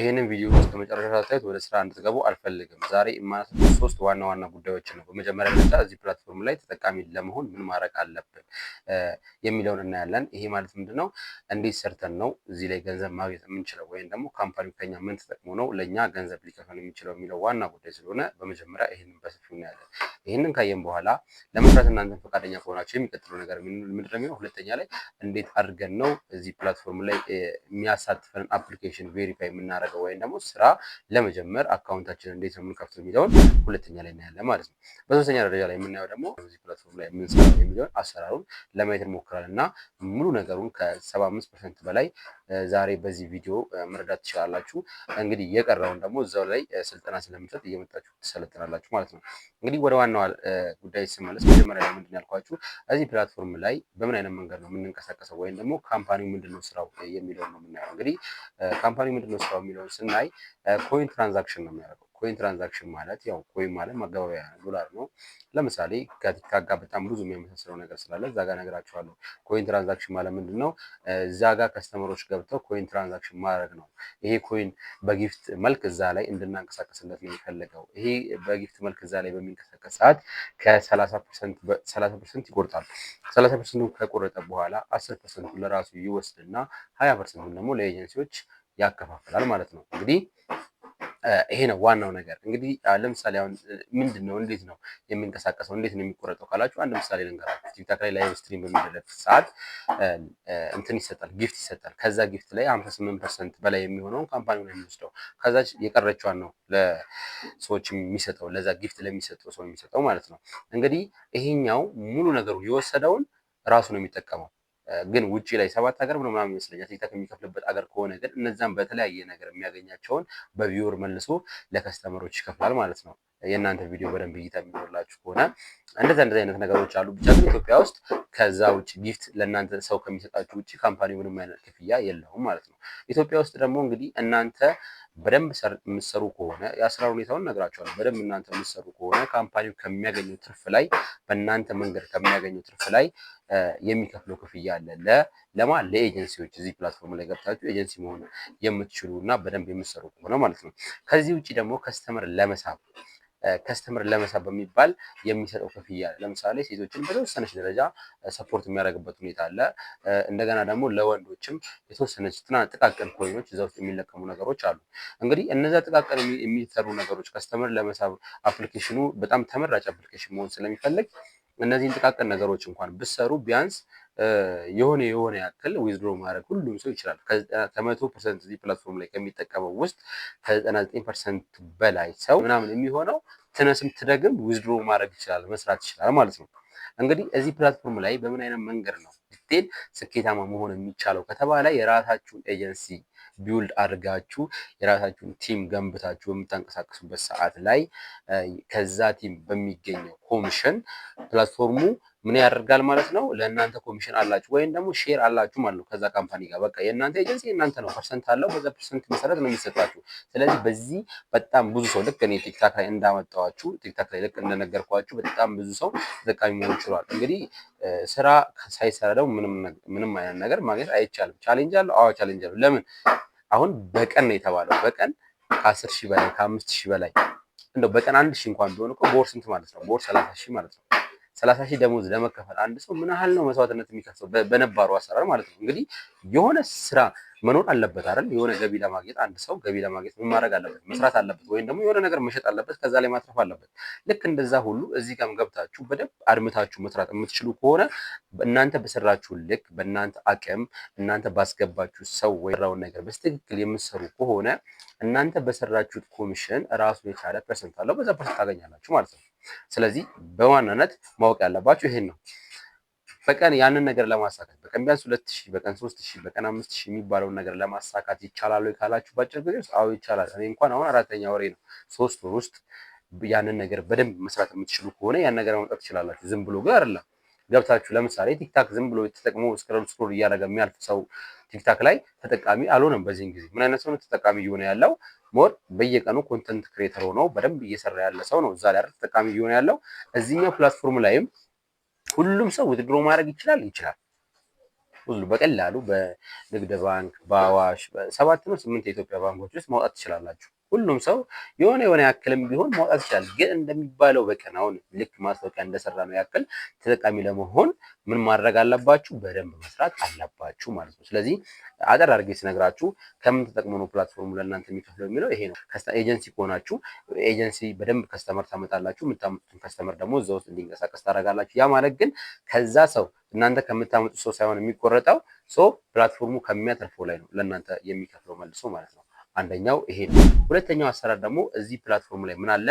ይህንን ቪዲዮ እስከ መጨረሻ ሳታዩት ወደ ስራ እንድትገቡ አልፈልግም። ዛሬ የማነሳው ሶስት ዋና ዋና ጉዳዮች ነው። በመጀመሪያ ደረጃ እዚህ ፕላትፎርም ላይ ተጠቃሚ ለመሆን ምን ማድረግ አለብን የሚለውን እናያለን። ይሄ ማለት ምንድን ነው? እንዴት ሰርተን ነው እዚህ ላይ ገንዘብ ማግኘት የምንችለው? ወይም ደግሞ ካምፓኒው ከኛ ምን ተጠቅሞ ነው ለእኛ ገንዘብ ሊከፈል የሚችለው የሚለው ዋና ጉዳይ ስለሆነ በመጀመሪያ ይህንን በሰፊው እናያለን። ይህንን ካየን በኋላ ለመስራት እናንተን ፈቃደኛ ከሆናቸው የሚቀጥለው ነገር ምንድን ነው ሁለተኛ ላይ እንዴት አድርገን ነው እዚህ ፕላትፎርም ላይ የሚያሳትፈንን አፕሊኬሽን ቬሪፋይ የምናደርገው ወይም ደግሞ ስራ ለመጀመር አካውንታችን እንዴት ነው የምንከፍተው የሚለውን ሁለተኛ ላይ እናያለን ማለት ነው። በሶስተኛ ደረጃ ላይ የምናየው ደግሞ በዚህ ፕላትፎርም ላይ የምንሰራው የሚለውን አሰራሩን ለማየት እንሞክራለን እና ሙሉ ነገሩን ከሰባ አምስት ፐርሰንት በላይ ዛሬ በዚህ ቪዲዮ መረዳት ትችላላችሁ። እንግዲህ የቀረውን ደግሞ እዛው ላይ ስልጠና ስለምንሰጥ እየመጣችሁ ትሰለጥናላችሁ ማለት ነው። እንግዲህ ወደ ዋናዋ ጉዳይ ስመለስ መጀመሪያ ላይ ምንድን ያልኳችሁ እዚህ ፕላትፎርም ላይ በምን አይነት መንገድ ነው የምንንቀሳቀሰው ወይም ደግሞ ካምፓኒው ምንድን ነው ስራው የሚለውን ነው የምናየው። እንግዲህ ካምፓኒው ምንድን ነው ስራው የሚለውን ስናይ ኮይን ትራንዛክሽን ነው የሚያደርገው ኮይን ትራንዛክሽን ማለት ያው ኮይን ማለት መገበያያ ነው፣ ዶላር ነው። ለምሳሌ ከቲክታክ ጋር በጣም ብዙ የሚመሳሰለው ነገር ስላለ እዛ ጋር ነግራችኋለሁ። ኮይን ትራንዛክሽን ማለት ምንድን ነው? እዛ ጋር ከስተመሮች ገብተው ኮይን ትራንዛክሽን ማድረግ ነው። ይሄ ኮይን በጊፍት መልክ እዛ ላይ እንድናንቀሳቀስለት ነው የሚፈልገው። ይሄ በጊፍት መልክ እዛ ላይ በሚንቀሳቀስ ሰዓት ከሰላሳ ፐርሰንት ይቆርጣል። ሰላሳ ፐርሰንቱን ከቆረጠ በኋላ አስር ፐርሰንቱን ለራሱ ይወስድና ሀያ ፐርሰንቱን ደግሞ ለኤጀንሲዎች ያከፋፍላል ማለት ነው እንግዲህ ይሄ ነው ዋናው ነገር። እንግዲህ ለምሳሌ አሁን ምንድን ነው እንዴት ነው የሚንቀሳቀሰው እንዴት ነው የሚቆረጠው ካላችሁ አንድ ምሳሌ ልንገራችሁ። ቲክታክ ላይ ላይቭ ስትሪም በሚደረግ ሰዓት እንትን ይሰጣል፣ ጊፍት ይሰጣል። ከዛ ጊፍት ላይ ሀምሳ ስምንት ፐርሰንት በላይ የሚሆነውን ካምፓኒው ነው የሚወስደው። ከዛ የቀረችዋን ነው ለሰዎች የሚሰጠው፣ ለዛ ጊፍት ለሚሰጠው ሰው የሚሰጠው ማለት ነው። እንግዲህ ይሄኛው ሙሉ ነገሩ የወሰደውን ራሱ ነው የሚጠቀመው ግን ውጭ ላይ ሰባት ሀገር ምናምን ይመስለኛል ቲክታክ የሚከፍልበት አገር ከሆነ ግን እነዛም በተለያየ ነገር የሚያገኛቸውን በቪወር መልሶ ለከስተመሮች ይከፍላል ማለት ነው። የእናንተ ቪዲዮ በደንብ እይታ የሚኖርላችሁ ከሆነ እንደዚህ እንደዚህ አይነት ነገሮች አሉ። ብቻ ግን ኢትዮጵያ ውስጥ ከዛ ውጭ ጊፍት ለእናንተ ሰው ከሚሰጣችሁ ውጭ ካምፓኒ ምንም አይነት ክፍያ የለውም ማለት ነው። ኢትዮጵያ ውስጥ ደግሞ እንግዲህ እናንተ በደንብ የምትሰሩ ከሆነ የስራ ሁኔታውን እነግራችኋለሁ። በደንብ እናንተ የምትሰሩ ከሆነ ካምፓኒው ከሚያገኘው ትርፍ ላይ በእናንተ መንገድ ከሚያገኘው ትርፍ ላይ የሚከፍለው ክፍያ አለ። ለማ ለኤጀንሲዎች እዚህ ፕላትፎርም ላይ ገብታችሁ ኤጀንሲ መሆን የምትችሉ እና በደንብ የምትሰሩ ከሆነ ማለት ነው። ከዚህ ውጭ ደግሞ ከስተመር ለመሳብ ከስተምር ለመሳብ በሚባል የሚሰጠው ክፍያ ለምሳሌ ሴቶችን በተወሰነች ደረጃ ሰፖርት የሚያደርግበት ሁኔታ አለ። እንደገና ደግሞ ለወንዶችም የተወሰነች ጥቃቅን ኮይኖች እዛ ውስጥ የሚለቀሙ ነገሮች አሉ። እንግዲህ እነዚያ ጥቃቅን የሚሰሩ ነገሮች ከስተምር ለመሳብ አፕሊኬሽኑ በጣም ተመራጭ አፕሊኬሽን መሆን ስለሚፈልግ እነዚህን ጥቃቅን ነገሮች እንኳን ብሰሩ ቢያንስ የሆነ የሆነ ያክል ዊዝድሮ ማድረግ ሁሉም ሰው ይችላል። ከመቶ ፐርሰንት እዚህ ፕላትፎርም ላይ ከሚጠቀመው ውስጥ ከዘጠና ዘጠኝ ፐርሰንት በላይ ሰው ምናምን የሚሆነው ትነስም ትደግም ዊዝድሮ ማድረግ ይችላል፣ መስራት ይችላል ማለት ነው። እንግዲህ እዚህ ፕላትፎርም ላይ በምን አይነት መንገድ ነው ዲቴል ስኬታማ መሆን የሚቻለው ከተባለ የራሳችሁን ኤጀንሲ ቢውልድ አድርጋችሁ የራሳችሁን ቲም ገንብታችሁ በምታንቀሳቀሱበት ሰዓት ላይ ከዛ ቲም በሚገኘው ኮሚሽን ፕላትፎርሙ ምን ያደርጋል ማለት ነው? ለእናንተ ኮሚሽን አላችሁ ወይም ደግሞ ሼር አላችሁ ማለት ነው ከዛ ካምፓኒ ጋር። በቃ የእናንተ ኤጀንሲ የእናንተ ነው፣ ፐርሰንት አለው። በዛ ፐርሰንት መሰረት ነው የሚሰጣችሁ። ስለዚህ በዚህ በጣም ብዙ ሰው ልክ እኔ ቲክታክ ላይ እንዳመጣኋችሁ ቲክታክ ላይ ልክ እንደነገርኳችሁ በጣም ብዙ ሰው ተጠቃሚ መሆን ችሏል። እንግዲህ ስራ ሳይሰራ ደግሞ ምንም አይነት ነገር ማግኘት አይቻልም። ቻሌንጅ አለው። አዎ ቻሌንጅ አለው። ለምን አሁን በቀን ነው የተባለው። በቀን ከአስር ሺህ በላይ ከአምስት ሺህ በላይ እንደው በቀን አንድ ሺህ እንኳን ቢሆን እኮ በወር ስንት ማለት ነው? በወር ሰላሳ ሺህ ማለት ነው። ሰላሳ ሺህ ደሞዝ ለመከፈል አንድ ሰው ምን ያህል ነው መስዋዕትነት የሚከፍተው? በነባሩ አሰራር ማለት ነው። እንግዲህ የሆነ ስራ መኖር አለበት አይደል? የሆነ ገቢ ለማግኘት አንድ ሰው ገቢ ለማግኘት ምን ማድረግ አለበት? መስራት አለበት፣ ወይም ደግሞ የሆነ ነገር መሸጥ አለበት፣ ከዛ ላይ ማትረፍ አለበት። ልክ እንደዛ ሁሉ እዚህ ጋም ገብታችሁ በደንብ አድምታችሁ መስራት የምትችሉ ከሆነ እናንተ በሰራችሁ ልክ፣ በእናንተ አቅም፣ እናንተ ባስገባችሁ ሰው ወይ ራውን ነገር በስትክክል የምትሰሩ ከሆነ እናንተ በሰራችሁት ኮሚሽን ራሱን የቻለ ፐርሰንት አለው። በዛ ፐርሰንት ታገኛላችሁ ማለት ነው። ስለዚህ በዋናነት ማወቅ ያለባችሁ ይሄን ነው። በቀን ያንን ነገር ለማሳካት በቀን ቢያንስ ሁለት ሺህ በቀን ሶስት ሺህ በቀን አምስት ሺህ የሚባለውን ነገር ለማሳካት ይቻላል ወይ ካላችሁ ባጭር ጊዜ ውስጥ አዎ ይቻላል። እኔ እንኳን አሁን አራተኛ ወሬ ነው። ሶስት ወር ውስጥ ያንን ነገር በደንብ መስራት የምትችሉ ከሆነ ያን ነገር ማምጣት ትችላላችሁ። ዝም ብሎ ግን አይደለም ገብታችሁ ለምሳሌ ቲክታክ ዝም ብሎ ተጠቅሞ ስክሮል ስክሮል እያደረገ የሚያልፍ ሰው ቲክታክ ላይ ተጠቃሚ አልሆነም። በዚህን ጊዜ ምን አይነት ሰው ተጠቃሚ እየሆነ ያለው? ሞር በየቀኑ ኮንተንት ክሬተር ሆኖ በደንብ እየሰራ ያለ ሰው ነው እዛ ላይ ተጠቃሚ እየሆነ ያለው። እዚህኛው ፕላትፎርም ላይም ሁሉም ሰው ውድድሮ ማድረግ ይችላል ይችላል ሁሉ በቀላሉ በንግድ ባንክ በአዋሽ በሰባት ነው ስምንት የኢትዮጵያ ባንኮች ውስጥ ማውጣት ትችላላችሁ። ሁሉም ሰው የሆነ የሆነ ያክልም ቢሆን ማውጣት ይችላል። ግን እንደሚባለው በቀን አሁን ልክ ማስታወቂያ እንደሰራ ነው ያክል ተጠቃሚ ለመሆን ምን ማድረግ አለባችሁ? በደንብ መስራት አለባችሁ ማለት ነው። ስለዚህ አጠር አድርጌ ስነግራችሁ ከምን ተጠቅሞ ነው ፕላትፎርሙ ለእናንተ የሚከፍለው የሚለው ይሄ ነው። ኤጀንሲ ከሆናችሁ ኤጀንሲ በደንብ ከስተመር ታመጣላችሁ። የምታመጡትን ከስተመር ደግሞ እዛ ውስጥ እንዲንቀሳቀስ ታደርጋላችሁ። ያ ማለት ግን ከዛ ሰው እናንተ ከምታመጡት ሰው ሳይሆን የሚቆረጠው ሰው ፕላትፎርሙ ከሚያተርፈው ላይ ነው ለእናንተ የሚከፍለው መልሶ ማለት ነው። አንደኛው ይሄ ነው። ሁለተኛው አሰራር ደግሞ እዚህ ፕላትፎርም ላይ ምን አለ?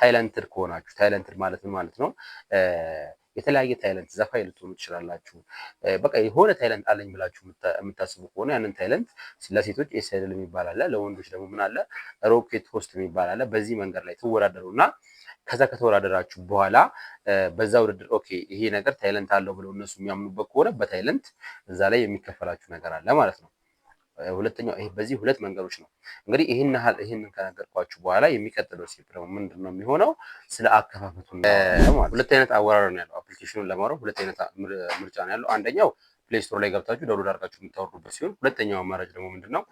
ታይለንትድ ከሆናችሁ ታይለንትድ ማለት ምን ማለት ነው? የተለያየ ታይለንት ዘፋኝ ልትሆኑ ትችላላችሁ። በቃ የሆነ ታይለንት አለኝ ብላችሁ የምታስቡ ከሆነ ያንን ታይለንት ለሴቶች ኤስኤልኤል የሚባል አለ፣ ለወንዶች ደግሞ ምን አለ? ሮኬት ሆስት የሚባል አለ። በዚህ መንገድ ላይ ትወዳደሩና ከዛ ከተወዳደራችሁ በኋላ በዛ ውድድር ኦኬ ይሄ ነገር ታይለንት አለው ብለው እነሱ የሚያምኑበት ከሆነ በታይለንት እዛ ላይ የሚከፈላችሁ ነገር አለ ማለት ነው። ሁለተኛው በዚህ ሁለት መንገዶች ነው እንግዲህ ይህን ያህል ይህንን ከነገርኳችሁ በኋላ የሚቀጥለው ሴፕ ደግሞ ምንድን ነው የሚሆነው? ስለ አከፋፈቱ ሁለት አይነት አወራረድ ነው ያለው። አፕሊኬሽኑን ለማውረድ ሁለት አይነት ምርጫ ነው ያለው። አንደኛው ፕሌይ ስቶር ላይ ገብታችሁ ዳውንሎድ አድርጋችሁ የምታወርዱበት ሲሆን ሁለተኛው አማራጭ ደግሞ ምንድን ነው?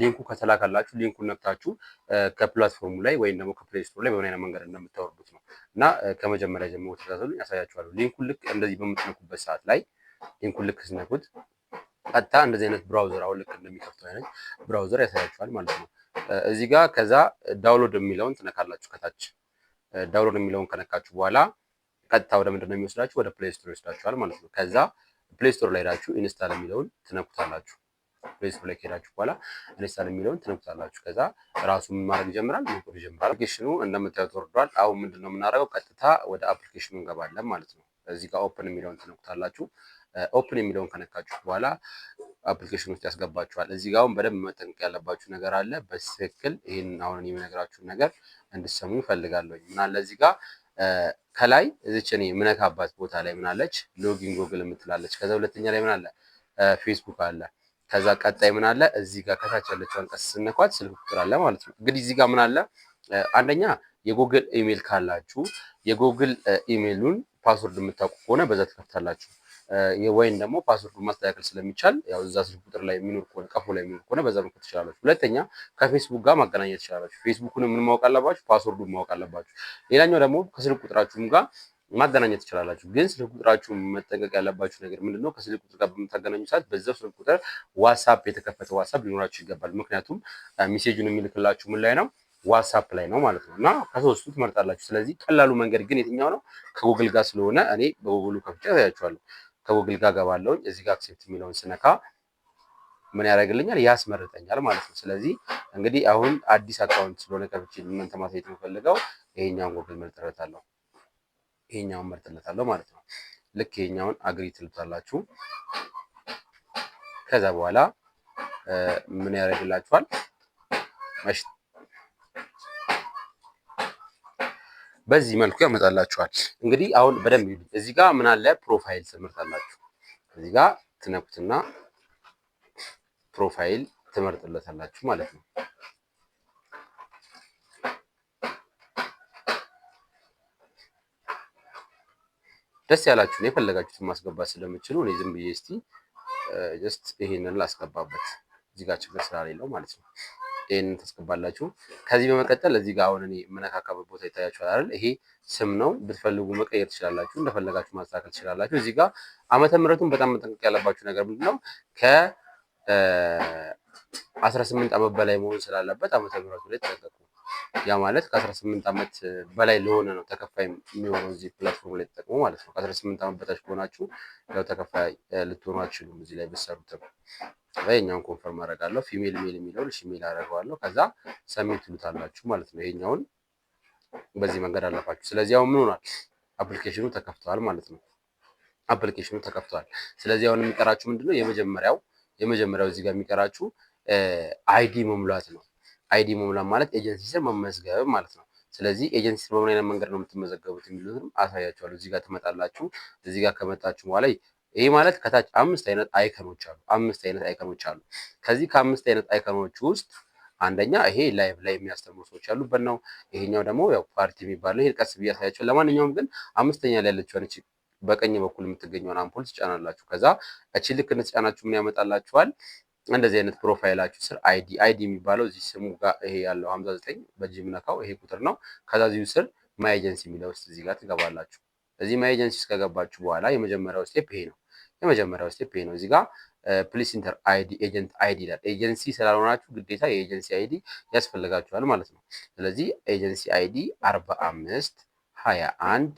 ሊንኩ ከተላካላችሁ ሊንኩን ነክታችሁ ከፕላትፎርሙ ላይ ወይም ደግሞ ከፕሌይ ስቶር ላይ በምን አይነት መንገድ እንደምታወርዱት ነው እና ከመጀመሪያ ጀምሮ ተከታተሉኝ፣ ያሳያችኋለሁ። ሊንኩን ልክ እንደዚህ በምትነኩበት ሰዓት ላይ ሊንኩን ልክ ስነኩት ቀጥታ እንደዚህ አይነት ብራውዘር አሁን ልክ እንደሚከፍተው አይነት ብራውዘር ያሳያችኋል ማለት ነው። እዚህ ጋር ከዛ ዳውንሎድ የሚለውን ትነካላችሁ። ከታች ዳውንሎድ የሚለውን ከነካችሁ በኋላ ቀጥታ ወደ ምንድን ነው የሚወስዳችሁ? ወደ ፕሌይ ስቶር ይወስዳችኋል ማለት ነው። ከዛ ፕሌይ ስቶር ላይ ሄዳችሁ ኢንስታል የሚለውን ትነኩታላችሁ። ፕሌይ ስቶር ላይ ከሄዳችሁ በኋላ ኢንስታል የሚለውን ትነኩታላችሁ። ከዛ ራሱ ምን ማድረግ ይጀምራል? መንኮር ይጀምራል። አፕሊኬሽኑ እንደምታዩት ወርዷል። አሁን ምንድን ነው የምናደርገው? ቀጥታ ወደ አፕሊኬሽኑ እንገባለን ማለት ነው። እዚህ ጋር ኦፕን የሚለውን ትነኩታላችሁ። ኦፕን የሚለውን ከነካችሁ በኋላ አፕሊኬሽን ውስጥ ያስገባችኋል። እዚህ ጋር አሁን በደንብ መጠንቀቅ ያለባችሁ ነገር አለ። በትክክል ይህን አሁን የሚነግራችሁን ነገር እንድሰሙ ይፈልጋለሁ። ምናለ እዚህ ጋር ከላይ እዚች እኔ ምነካባት ቦታ ላይ ምናለች ሎጊን ጎግል የምትላለች። ከዛ ሁለተኛ ላይ ምናለ ፌስቡክ አለ። ከዛ ቀጣይ ምናለ እዚህ ጋር ከታች ያለችውን ቀስ ስነኳት ስልክ ቁጥር አለ ማለት ነው። እንግዲህ እዚህ ጋር ምናለ አንደኛ የጎግል ኢሜል ካላችሁ የጎግል ኢሜሉን ፓስወርድ የምታውቁ ከሆነ በዛ ትከፍታላችሁ። ወይም ደግሞ ፓስወርዱ ማስተካከል ስለሚቻል ያው እዛ ስልክ ቁጥር ላይ የሚኖር ከሆነ ቀፎ ላይ የሚኖር ከሆነ በዛ መክፈት ትችላላችሁ። ሁለተኛ ከፌስቡክ ጋር ማገናኘት ትችላላችሁ። ፌስቡክን ምን ማወቅ አለባችሁ? ፓስወርዱን ማወቅ አለባችሁ። ሌላኛው ደግሞ ከስልክ ቁጥራችሁም ጋር ማገናኘት ትችላላችሁ። ግን ስልክ ቁጥራችሁ መጠንቀቅ ያለባችሁ ነገር ምንድነው? ከስልክ ቁጥር ጋር በምታገናኙ ሰዓት በዛው ስልክ ቁጥር ዋትሳፕ የተከፈተ ዋትሳፕ ሊኖራችሁ ይገባል። ምክንያቱም ሜሴጁን የሚልክላችሁ ምን ላይ ነው? ዋትሳፕ ላይ ነው ማለት ነው። እና ከሶስቱ ትመርጣላችሁ። ስለዚህ ቀላሉ መንገድ ግን የትኛው ነው? ከጉግል ጋር ስለሆነ እኔ በጉግሉ ከፍቼ ያሳያችኋለሁ። ከጉግል ጋር ገባለሁ። እዚህ ጋር አክሴፕት የሚለውን ስነካ ምን ያደርግልኛል? ያስመርጠኛል ማለት ነው። ስለዚህ እንግዲህ አሁን አዲስ አካውንት ስለሆነ ከብቼ እናንተ ማሳየት የምፈልገው ይሄኛውን ጉግል መርጥለታለሁ፣ ይሄኛውን መርጥለታለሁ ማለት ነው። ልክ ይሄኛውን አግሪ ትልታላችሁ። ከዛ በኋላ ምን ያደርግላችኋል? በዚህ መልኩ ያመጣላችኋል። እንግዲህ አሁን በደንብ ይሁን። እዚህ ጋር ምን አለ ፕሮፋይል ትመርጣላችሁ። እዚህ ጋር ትነኩትና ፕሮፋይል ትመርጥለታላችሁ ማለት ነው። ደስ ያላችሁን የፈለጋችሁትን ማስገባት ስለምችሉ እኔ ዝም ብዬ እስቲ ጀስት ይሄንን ላስገባበት እዚህ ጋር ችግር ስላሌለው ማለት ነው። ይህንን ታስገባላችሁ። ከዚህ በመቀጠል እዚህ ጋር አሁን እኔ የምነካካበት ቦታ ይታያችኋል አይደል? ይሄ ስም ነው። ብትፈልጉ መቀየር ትችላላችሁ፣ እንደፈለጋችሁ ማስተካከል ትችላላችሁ። እዚህ ጋር ዓመተ ምሕረቱን በጣም መጠንቀቅ ያለባችሁ ነገር ምንድነው ከ አስራ ስምንት ዓመት በላይ መሆን ስላለበት ዓመተ ምሕረቱ ላይ ተጠንቀቁ። ያ ማለት ከአስራ ስምንት ዓመት በላይ ለሆነ ነው ተከፋይ የሚሆነው እዚህ ፕላትፎርም ላይ ተጠቅሙ ማለት ነው። ከአስራ ስምንት ዓመት በታች ከሆናችሁ ያው ተከፋይ ልትሆኑ አትችሉም እዚህ ላይ በሰሩት ከዛ የኛውን ኮንፈርም አደርጋለሁ። ፊሜል ሜል የሚለውን እሺ ሜል አደርገዋለሁ። ከዛ ሰሜት ትሉታላችሁ ማለት ነው። ይሄኛውን በዚህ መንገድ አለፋችሁ። ስለዚህ አሁን ምን ሆኗል? አፕሊኬሽኑ ተከፍተዋል ማለት ነው። አፕሊኬሽኑ ተከፍተዋል። ስለዚህ አሁን የሚቀራችሁ ምንድነው? የመጀመሪያው የመጀመሪያው እዚህ ጋር የሚቀራችሁ አይዲ መሙላት ነው። አይዲ መሙላት ማለት ኤጀንሲ ስር መመዝገብ ማለት ነው። ስለዚህ ኤጀንሲ ስር በምን አይነት መንገድ ነው የምትመዘገቡት የሚሉትንም አሳያችኋለሁ። እዚህ ጋር ትመጣላችሁ። እዚህ ጋር ከመጣችሁ በኋላ ይህ ማለት ከታች አምስት አይነት አይከኖች አሉ። አምስት አይነት አይከኖች አሉ። ከዚህ ከአምስት አይነት አይከኖች ውስጥ አንደኛ ይሄ ላይቭ ላይ የሚያስተምሩ ሰዎች ያሉበት ነው። ይሄኛው ደግሞ ያው ፓርቲ የሚባል ነው። ይሄን ቀስ ብዬ አሳያቸዋለሁ። ለማንኛውም ግን አምስተኛ ላይ ያለችውን እቺ በቀኝ በኩል የምትገኘውን አምፖል ትጫናላችሁ። ከዛ እቺ ልክ እንደተጫናችሁ ምን ያመጣላችኋል? እንደዚህ አይነት ፕሮፋይላችሁ ስር አይዲ አይዲ የሚባለው እዚህ ስሙ ጋር ይሄ ያለው ዘጠኝ በእጅ የምነካው ይሄ ቁጥር ነው። ከዛ እዚሁ ስር ማይ ኤጀንሲ የሚለው ውስጥ እዚህ ጋር ትገባላችሁ። እዚህ ማይ ኤጀንሲ ውስጥ ከገባችሁ በኋላ የመጀመሪያው ስቴፕ ይሄ ነው። የመጀመሪያው ስቴፕ ይሄ ነው። እዚህ ጋር ፕሊስ ኢንተር አይዲ ኤጀንት አይዲ ይላል። ኤጀንሲ ስላልሆናችሁ ግዴታ የኤጀንሲ አይዲ ያስፈልጋችኋል ማለት ነው። ስለዚህ ኤጀንሲ አይዲ አርባ አምስት ሀያ አንድ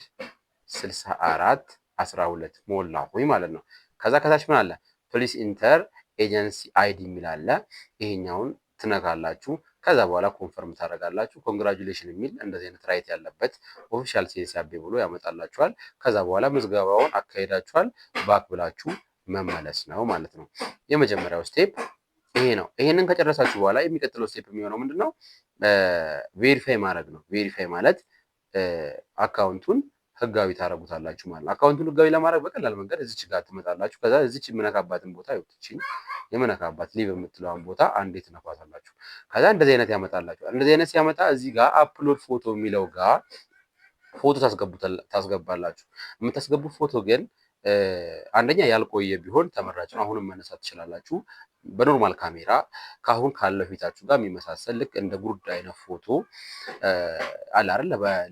ስልሳ አራት አስራ ሁለት ሞላሁኝ ማለት ነው። ከዛ ከታች ምን አለ? ፕሊስ ኢንተር ኤጀንሲ አይዲ የሚል አለ። ይሄኛውን ትነካላችሁ። ከዛ በኋላ ኮንፈርም ታደርጋላችሁ። ኮንግራጁሌሽን የሚል እንደዚህ አይነት ራይት ያለበት ኦፊሻል ሴንስ አቤ ብሎ ያመጣላችኋል። ከዛ በኋላ ምዝገባውን አካሄዳችኋል። ባክ ብላችሁ መመለስ ነው ማለት ነው። የመጀመሪያው ስቴፕ ይሄ ነው። ይሄንን ከጨረሳችሁ በኋላ የሚቀጥለው ስቴፕ የሚሆነው ምንድን ነው? ቬሪፋይ ማድረግ ነው። ቬሪፋይ ማለት አካውንቱን ህጋዊ ታደርጉታላችሁ ማለት ነው። አካውንቱን ህጋዊ ለማድረግ በቀላል መንገድ እዚች ጋር ትመጣላችሁ። ከዛ እዚች የምነካባትን ቦታ ይወጥችኝ የምነካባት ሊቭ የምትለዋን ቦታ አንዴ ትነኳታላችሁ። ከዛ እንደዚህ አይነት ያመጣላችኋል። እንደዚህ አይነት ሲያመጣ እዚህ ጋር አፕሎድ ፎቶ የሚለው ጋር ፎቶ ታስገባላችሁ። የምታስገቡት ፎቶ ግን አንደኛ ያልቆየ ቢሆን ተመራጭ ነው። አሁንም መነሳት ትችላላችሁ። በኖርማል ካሜራ ከአሁን ካለው ፊታችሁ ጋር የሚመሳሰል ልክ እንደ ጉርድ አይነት ፎቶ አለ አይደል?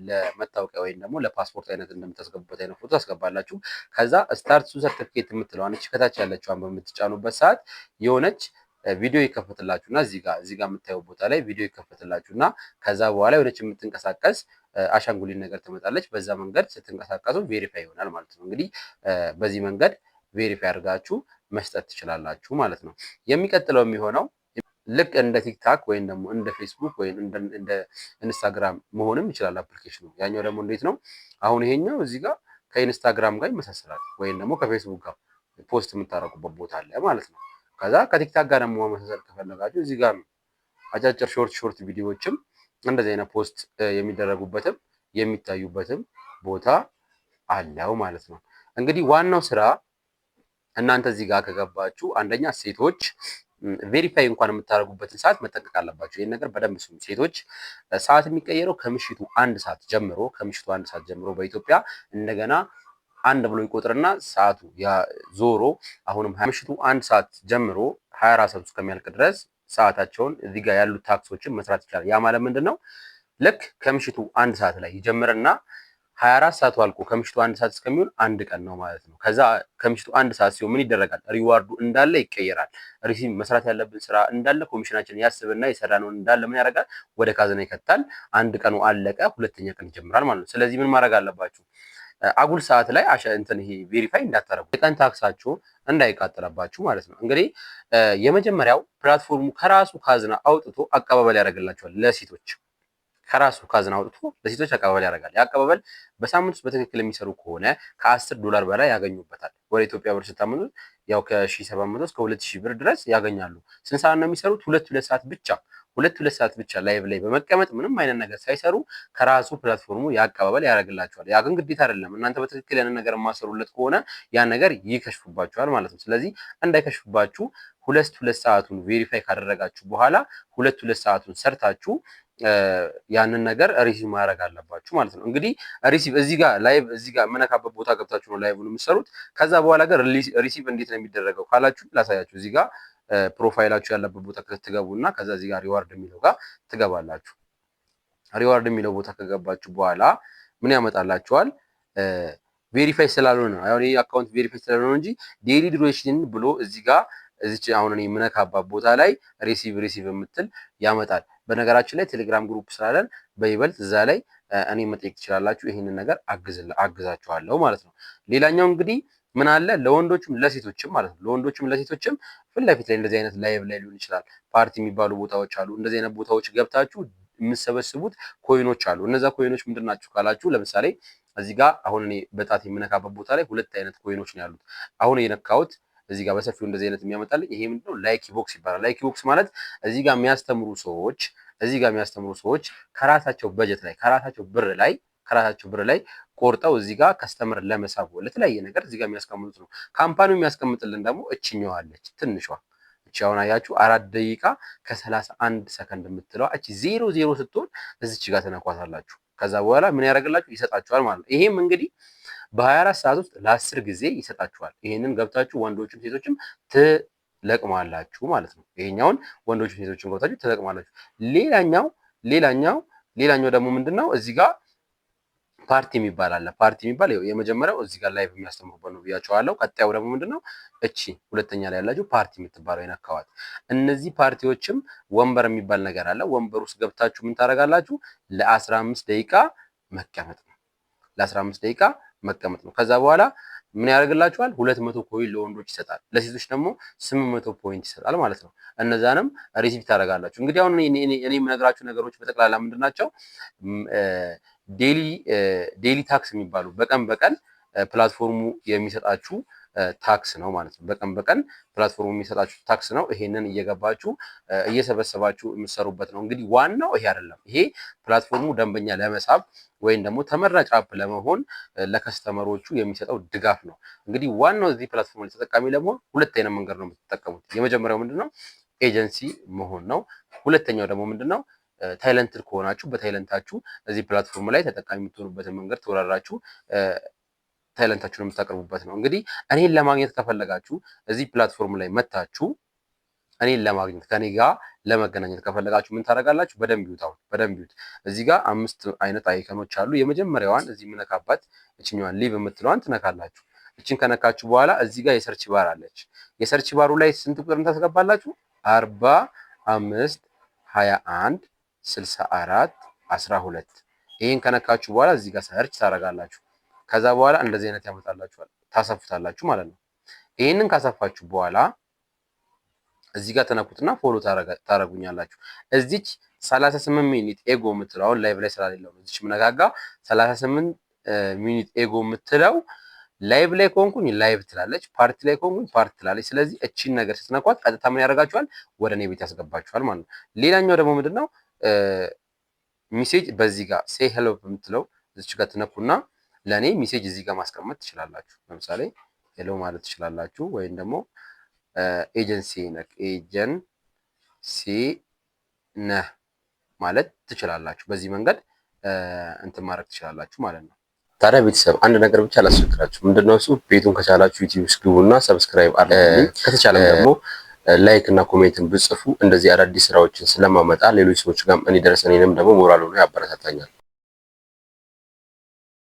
ለመታወቂያ ወይም ደግሞ ለፓስፖርት አይነት እንደምታስገቡበት አይነት ፎቶ ታስገባላችሁ። ከዛ ስታርት ቱ ሰርቲፊኬት የምትለዋን ከታች ያለችዋን በምትጫኑበት ሰዓት የሆነች ቪዲዮ ይከፈትላችሁና እዚህ ጋር እዚህ ጋር የምታየው ቦታ ላይ ቪዲዮ ይከፈትላችሁና ከዛ በኋላ ወደች የምትንቀሳቀስ አሻንጉሊት ነገር ትመጣለች። በዛ መንገድ ስትንቀሳቀሱ ቬሪፋይ ይሆናል ማለት ነው። እንግዲህ በዚህ መንገድ ቬሪፋይ አድርጋችሁ መስጠት ትችላላችሁ ማለት ነው። የሚቀጥለው የሚሆነው ልክ እንደ ቲክታክ ወይም ደግሞ እንደ ፌስቡክ ወይም እንደ ኢንስታግራም መሆንም ይችላል አፕሊኬሽኑ። ያኛው ደግሞ እንዴት ነው? አሁን ይሄኛው እዚህ ጋር ከኢንስታግራም ጋር ይመሳሰላል ወይም ደግሞ ከፌስቡክ ጋር ፖስት የምታደርጉበት ቦታ አለ ማለት ነው። ከዛ ከቲክታክ ጋር ደግሞ መመሳሰል ከፈለጋችሁ እዚህ ጋር ነው። አጫጭር ሾርት ሾርት ቪዲዮዎችም እንደዚህ አይነት ፖስት የሚደረጉበትም የሚታዩበትም ቦታ አለው ማለት ነው። እንግዲህ ዋናው ስራ እናንተ እዚህ ጋር ከገባችሁ አንደኛ ሴቶች ቬሪፋይ እንኳን የምታደርጉበትን ሰዓት መጠንቀቅ አለባቸው። ይህን ነገር በደንብ ስሙ። ሴቶች ሰዓት የሚቀየረው ከምሽቱ አንድ ሰዓት ጀምሮ ከምሽቱ አንድ ሰዓት ጀምሮ በኢትዮጵያ እንደገና አንድ ብሎ ይቆጥርና ሰዓቱ ዞሮ አሁንም ምሽቱ አንድ ሰዓት ጀምሮ አራት ሰዓት እስከሚያልቅ ድረስ ሰዓታቸውን እዚህ ጋር ያሉት ታክሶችን መስራት ይችላል። ያ ማለት ምንድን ነው? ልክ ከምሽቱ አንድ ሰዓት ላይ ይጀምርና አራት ሰዓቱ አልቆ ከምሽቱ አንድ ሰዓት እስከሚሆን አንድ ቀን ነው ማለት ነው። ከዛ ከምሽቱ አንድ ሰዓት ሲሆን ምን ይደረጋል? ሪዋርዱ እንዳለ ይቀየራል። ሪሲቭ መስራት ያለብን ስራ እንዳለ ኮሚሽናችን ያስብና የሰራነውን እንዳለ ምን ያደርጋል? ወደ ካዝና ይከታል። አንድ ቀኑ አለቀ፣ ሁለተኛ ቀን ይጀምራል ማለት ነው። ስለዚህ ምን ማድረግ አለባችሁ? አጉል ሰዓት ላይ እንትን ይሄ ቬሪፋይ እንዳታረጉ የቀን ታክሳችሁ እንዳይቃጠለባችሁ ማለት ነው። እንግዲህ የመጀመሪያው ፕላትፎርሙ ከራሱ ካዝና አውጥቶ አቀባበል ያደርግላችኋል ለሴቶች ከራሱ ካዝና አውጥቶ ለሴቶች አቀባበል ያደርጋል። የአቀባበል በሳምንት ውስጥ በትክክል የሚሰሩ ከሆነ ከአስር ዶላር በላይ ያገኙበታል። ወደ ኢትዮጵያ ብር ስታመኑ ያው ከሺህ ሰባት መቶ እስከ ሁለት ብር ድረስ ያገኛሉ። ስንት ሰዓት ነው የሚሰሩት? ሁለት ሁለት ሰዓት ብቻ ሁለት ሁለት ሰዓት ብቻ ላይቭ ላይ በመቀመጥ ምንም አይነት ነገር ሳይሰሩ ከራሱ ፕላትፎርሙ የአቀባበል ያደርግላቸዋል። ያ ግን ግዴታ አይደለም። እናንተ በትክክል ያንን ነገር የማሰሩለት ከሆነ ያ ነገር ይከሽፉባችኋል ማለት ነው። ስለዚህ እንዳይከሽፉባችሁ ሁለት ሁለት ሰዓቱን ቬሪፋይ ካደረጋችሁ በኋላ ሁለት ሁለት ሰዓቱን ሰርታችሁ ያንን ነገር ሪሲቭ ማድረግ አለባችሁ ማለት ነው። እንግዲህ ሪሲቭ እዚህ ጋር ላይቭ እዚህ ጋር መነካበት ቦታ ገብታችሁ ነው ላይቭ የምትሰሩት። ከዛ በኋላ ጋር ሪሲቭ እንዴት ነው የሚደረገው ካላችሁ ላሳያችሁ። እዚህ ጋር ፕሮፋይላችሁ ያለበት ቦታ ትገቡ እና ከዛ እዚህ ጋር ሪዋርድ የሚለው ጋር ትገባላችሁ። ሪዋርድ የሚለው ቦታ ከገባችሁ በኋላ ምን ያመጣላችኋል? ቬሪፋይ ስላልሆነ አሁን ይህ አካውንት ቬሪፋይ ስላልሆነ እንጂ ዴይሊ ዱሬሽን ብሎ እዚህ ጋር እዚች አሁን የምነካባት ቦታ ላይ ሪሲቭ ሪሲቭ የምትል ያመጣል። በነገራችን ላይ ቴሌግራም ግሩፕ ስላለን በይበልጥ እዛ ላይ እኔ መጠየቅ ትችላላችሁ። ይህንን ነገር አግዛችኋለሁ ማለት ነው። ሌላኛው እንግዲህ ምን አለ ለወንዶችም ለሴቶችም ማለት ነው። ለወንዶችም ለሴቶችም ፊት ለፊት ላይ እንደዚህ አይነት ላይቭ ላይ ሊሆን ይችላል። ፓርቲ የሚባሉ ቦታዎች አሉ። እንደዚህ አይነት ቦታዎች ገብታችሁ የምሰበስቡት ኮይኖች አሉ። እነዛ ኮይኖች ምንድን ናቸው ካላችሁ፣ ለምሳሌ እዚህ ጋር አሁን እኔ በጣት የምነካበት ቦታ ላይ ሁለት አይነት ኮይኖች ነው ያሉት። አሁን የነካሁት እዚህ ጋር በሰፊው እንደዚህ አይነት የሚያመጣልኝ ይሄ ምንድነው ላይክ ቦክስ ይባላል። ላይክ ቦክስ ማለት እዚህ ጋር የሚያስተምሩ ሰዎች እዚህ ጋር የሚያስተምሩ ሰዎች ከራሳቸው በጀት ላይ ከራሳቸው ብር ላይ ከራሳቸው ብር ላይ ቆርጠው እዚህ ጋር ከስተመር ለመሳብ ለተለያየ ነገር እዚህ ጋር የሚያስቀምጡት ነው። ካምፓኒው የሚያስቀምጥልን ደግሞ እችኛዋለች ትንሿ እቺ አሁን አያችሁ አራት ደቂቃ ከሰላሳ አንድ ሰከንድ የምትለዋ አቺ ዜሮ ዜሮ ስትሆን እዚች ጋር ትነኳታላችሁ። ከዛ በኋላ ምን ያደርግላችሁ ይሰጣችኋል ማለት ነው። ይሄም እንግዲህ በ24 ሰዓት ውስጥ ለአስር ጊዜ ይሰጣችኋል። ይህንን ገብታችሁ ወንዶችም ሴቶችም ትለቅማላችሁ ማለት ነው። ይሄኛውን ወንዶችም ሴቶችም ገብታችሁ ትለቅማላችሁ። ሌላኛው ሌላኛው ሌላኛው ደግሞ ምንድን ነው እዚህ ጋር ፓርቲ የሚባል አለ። ፓርቲ የሚባል የመጀመሪያው እዚህ ጋር ላይ የሚያስተምሩበት ነው ብያቸዋለሁ። ቀጣዩ ደግሞ ነው? እቺ ሁለተኛ ላይ ያላችሁ ፓርቲ የምትባለው የነካዋት። እነዚህ ፓርቲዎችም ወንበር የሚባል ነገር አለ። ወንበር ውስጥ ገብታችሁ ምን ታደርጋላችሁ? ለአስራ አምስት ደቂቃ መቀመጥ ነው። ለአስራ አምስት ደቂቃ መቀመጥ ነው። ከዛ በኋላ ምን ያደርግላችኋል? ሁለት መቶ ኮይን ለወንዶች ይሰጣል። ለሴቶች ደግሞ ስምንት መቶ ፖይንት ይሰጣል ማለት ነው። እነዛንም ሪሲቭ ታደርጋላችሁ። እንግዲህ አሁን እኔ የምነግራችሁ ነገሮች በጠቅላላ ምንድን ናቸው? ዴሊ ታክስ የሚባሉ በቀን በቀን ፕላትፎርሙ የሚሰጣችሁ ታክስ ነው ማለት ነው። በቀን በቀን ፕላትፎርሙ የሚሰጣችሁ ታክስ ነው። ይሄንን እየገባችሁ እየሰበሰባችሁ የምትሰሩበት ነው። እንግዲህ ዋናው ይሄ አይደለም። ይሄ ፕላትፎርሙ ደንበኛ ለመሳብ ወይም ደግሞ ተመራጭ አፕ ለመሆን ለከስተመሮቹ የሚሰጠው ድጋፍ ነው። እንግዲህ ዋናው እዚህ ፕላትፎርም ተጠቃሚ ለመሆን ሁለት አይነት መንገድ ነው የምትጠቀሙት። የመጀመሪያው ምንድን ነው? ኤጀንሲ መሆን ነው። ሁለተኛው ደግሞ ምንድን ነው? ታይለንትድ ከሆናችሁ በታይለንታችሁ እዚህ ፕላትፎርም ላይ ተጠቃሚ የምትሆኑበትን መንገድ ተወራራችሁ ነው የምታቀርቡበት ነው። እንግዲህ እኔን ለማግኘት ከፈለጋችሁ እዚህ ፕላትፎርም ላይ መታችሁ እኔን ለማግኘት ከኔ ጋር ለመገናኘት ከፈለጋችሁ ምን ታደርጋላችሁ? በደንብ ይዩት። አሁን በደንብ ይዩት። እዚህ ጋር አምስት አይነት አይከኖች አሉ። የመጀመሪያዋን እዚህ የምነካባት እችኛዋን ሊቭ የምትለዋን ትነካላችሁ። እችን ከነካችሁ በኋላ እዚህ ጋር የሰርች ባር አለች። የሰርች ባሩ ላይ ስንት ቁጥር ታስገባላችሁ? አርባ አምስት ሀያ አንድ ስልሳ አራት አስራ ሁለት ይህን ከነካችሁ በኋላ እዚህ ጋር ሰርች ታደርጋላችሁ። ከዛ በኋላ እንደዚህ አይነት ያመጣላችኋል ታሰፉታላችሁ ማለት ነው። ይህንን ካሰፋችሁ በኋላ እዚህ ጋር ተነኩትና ፎሎ ታረጉኛላችሁ። እዚች 38 ሚኒት ኤጎ የምትለው አሁን ላይቭ ላይ ስላሌለው ነው እዚች ምነጋጋ 38 ሚኒት ኤጎ የምትለው ላይቭ ላይ ከሆንኩኝ ላይቭ ትላለች፣ ፓርቲ ላይ ከሆንኩኝ ፓርቲ ትላለች። ስለዚህ እቺን ነገር ስትነኳት ቀጥታ ምን ያደርጋችኋል? ወደ እኔ ቤት ያስገባችኋል ማለት ነው። ሌላኛው ደግሞ ምንድነው ሚሴጅ በዚህ ጋር ሴ ሄሎ የምትለው እዚች ጋር ትነኩና ለእኔ ሚሴጅ እዚህ ጋር ማስቀመጥ ትችላላችሁ። ለምሳሌ ሄሎ ማለት ትችላላችሁ። ወይም ደግሞ ኤጀንሲ ነህ ኤጀንሲ ነህ ማለት ትችላላችሁ። በዚህ መንገድ እንትን ማድረግ ትችላላችሁ ማለት ነው። ታዲያ ቤተሰብ አንድ ነገር ብቻ ላስቸግራችሁ፣ ምንድነው እሱ? ቤቱን ከቻላችሁ ዩቲዩብ ውስጥ ግቡና ሰብስክራይብ አድርጉ። ከተቻለ ደግሞ ላይክ እና ኮሜንትን ብጽፉ እንደዚህ አዳዲስ ስራዎችን ስለማመጣ ሌሎች ሰዎች ጋር እንዲደርስ እኔንም ደግሞ ሞራል ሆኖ ያበረታታኛል።